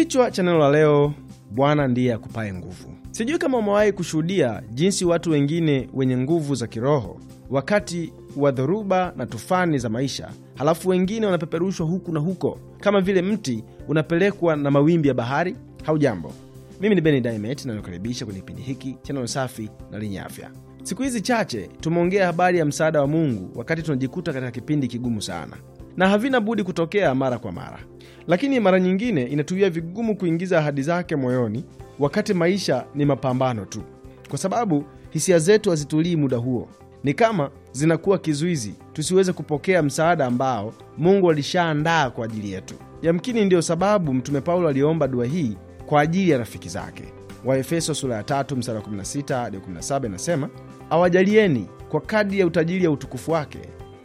Kichwa cha neno la leo, Bwana ndiye akupaye nguvu. Sijui kama umewahi kushuhudia jinsi watu wengine wenye nguvu za kiroho wakati wa dhoruba na tufani za maisha, halafu wengine wanapeperushwa huku na huko kama vile mti unapelekwa na mawimbi ya bahari. jambo mimi ni Beni Dimet na kwenye kipindi hiki cha neno safi na lenye afya. Siku hizi chache tumeongea habari ya msaada wa Mungu wakati tunajikuta katika kipindi kigumu sana na havina budi kutokea mara kwa mara, lakini mara nyingine inatuia vigumu kuingiza ahadi zake moyoni, wakati maisha ni mapambano tu, kwa sababu hisia zetu hazitulii muda huo. Ni kama zinakuwa kizuizi tusiweze kupokea msaada ambao Mungu alishaandaa kwa ajili yetu. Yamkini ndiyo sababu Mtume Paulo aliomba dua hii kwa ajili ya rafiki zake. Waefeso sula ya 3 16 hadi 17 inasema, awajalieni kwa kadi ya utajiri ya utukufu wake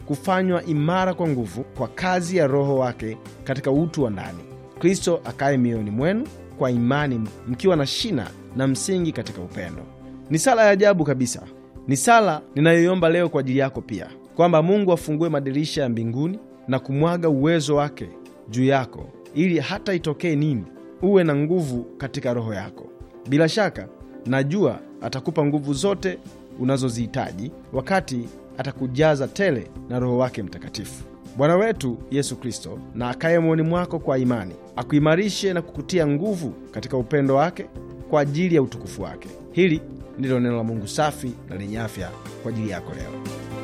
kufanywa imara kwa nguvu kwa kazi ya Roho wake katika utu wa ndani, Kristo akaye mioyoni mwenu kwa imani, mkiwa na shina na msingi katika upendo. Ni sala ya ajabu kabisa. Ni sala ninayoiomba leo kwa ajili yako pia, kwamba Mungu afungue madirisha ya mbinguni na kumwaga uwezo wake juu yako, ili hata itokee nini, uwe na nguvu katika roho yako. Bila shaka najua atakupa nguvu zote unazozihitaji wakati atakujaza tele na Roho wake Mtakatifu. Bwana wetu Yesu Kristo na akaye moyoni mwako kwa imani, akuimarishe na kukutia nguvu katika upendo wake kwa ajili ya utukufu wake. Hili ndilo neno la Mungu safi na lenye afya kwa ajili yako leo.